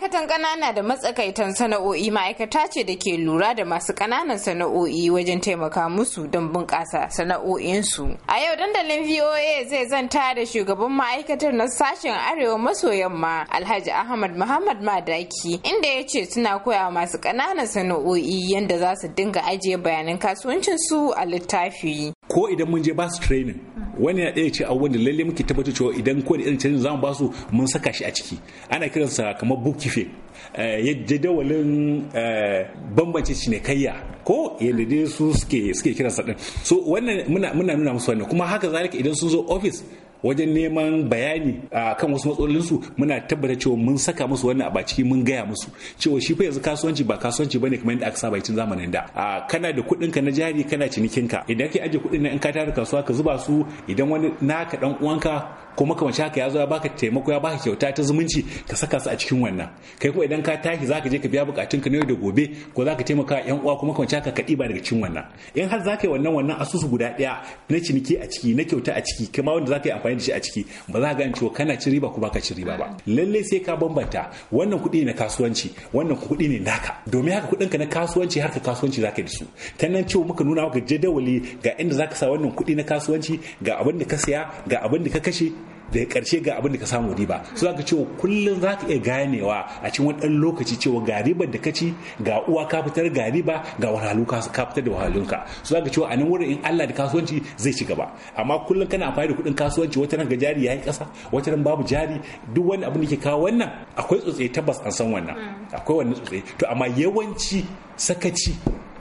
Ma'aikatan ƙanana da matsakaitan sana'o'i ma'aikata ce da ke lura da masu ƙananan sana'o'i wajen taimaka musu don bunƙasa sana'o'insu. A yau dandalin VOA zai zanta da shugaban ma'aikatar na sashen Arewa maso yamma Alhaji Ahmad Muhammad Madaki inda ya ce suna koya masu ƙananan sana'o'i yadda za su dinga ajiye bayanan kasuwancinsu a littafi. Ko idan mun je ba su training wani na ɗaya ce a wanda lalle muke tabbatar cewa idan ko da irin canjin zamu ba su mun saka shi a ciki ana kiransa kamar bookkeeping eh, yadda dawalin eh, bambance cinikayya ko yadda dai su suke kiransa din so wannan muna muna nuna musu wannan kuma haka zalika idan sun zo ofis. wajen neman bayani a kan wasu matsalolinsu muna tabbata cewa mun saka musu wannan a ciki mun gaya musu cewa shi fa yanzu kasuwanci ba kasuwanci bane kamar yadda aka saba yi zamanin da a kana da kuɗin ka na jari kana cinikin ka idan ka aje kuɗin nan in ka tara kasuwa ka zuba su idan wani naka dan uwanka ko makamanci haka ya zo ya baka taimako ya baka kyauta ta zumunci ka saka su a cikin wannan kai kuma idan ka tashi zaka je ka biya bukatun ka na yau da gobe ko zaka taimaka yan uwa kuma makamanci haka ka diba daga cikin wannan in har zaka yi wannan wannan asusu guda daya na ciniki a ciki na kyauta a ciki wanda zaka yi amfani da shi a ciki ba za ka gane cewa kana cin riba ko ba ka cin riba ba lallai sai ka bambanta wannan kuɗi ne na kasuwanci wannan kuɗi ne naka domin haka kuɗinka na kasuwanci harka kasuwanci zaka da su ta nan cewa muka nuna maka jadawali ga inda zaka sa wannan kuɗi na kasuwanci ga abin da ka saya ga abin da ka kashe bai karshe ga abin da ka samu riba za zaka cewa kullum za ka iya ganewa a cikin wani dan lokaci cewa ga ribar da ka ci ga uwa ka fitar ga riba ga wahalhalu ka fitar da su za zaka cewa a nan wurin in Allah da kasuwanci zai ci gaba amma kullum kana amfani da kuɗin kasuwanci wata ran ga jari yayi ƙasa wata ran babu jari duk wani abin da ke kawo wannan akwai tsotse tabbas an san wannan mm. akwai wannan tsotse to amma yawanci sakaci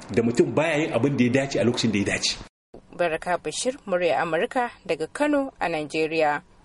da mutum baya yin abin da ya dace a lokacin da ya dace. Baraka Bashir, murya Amurka daga Kano a Najeriya.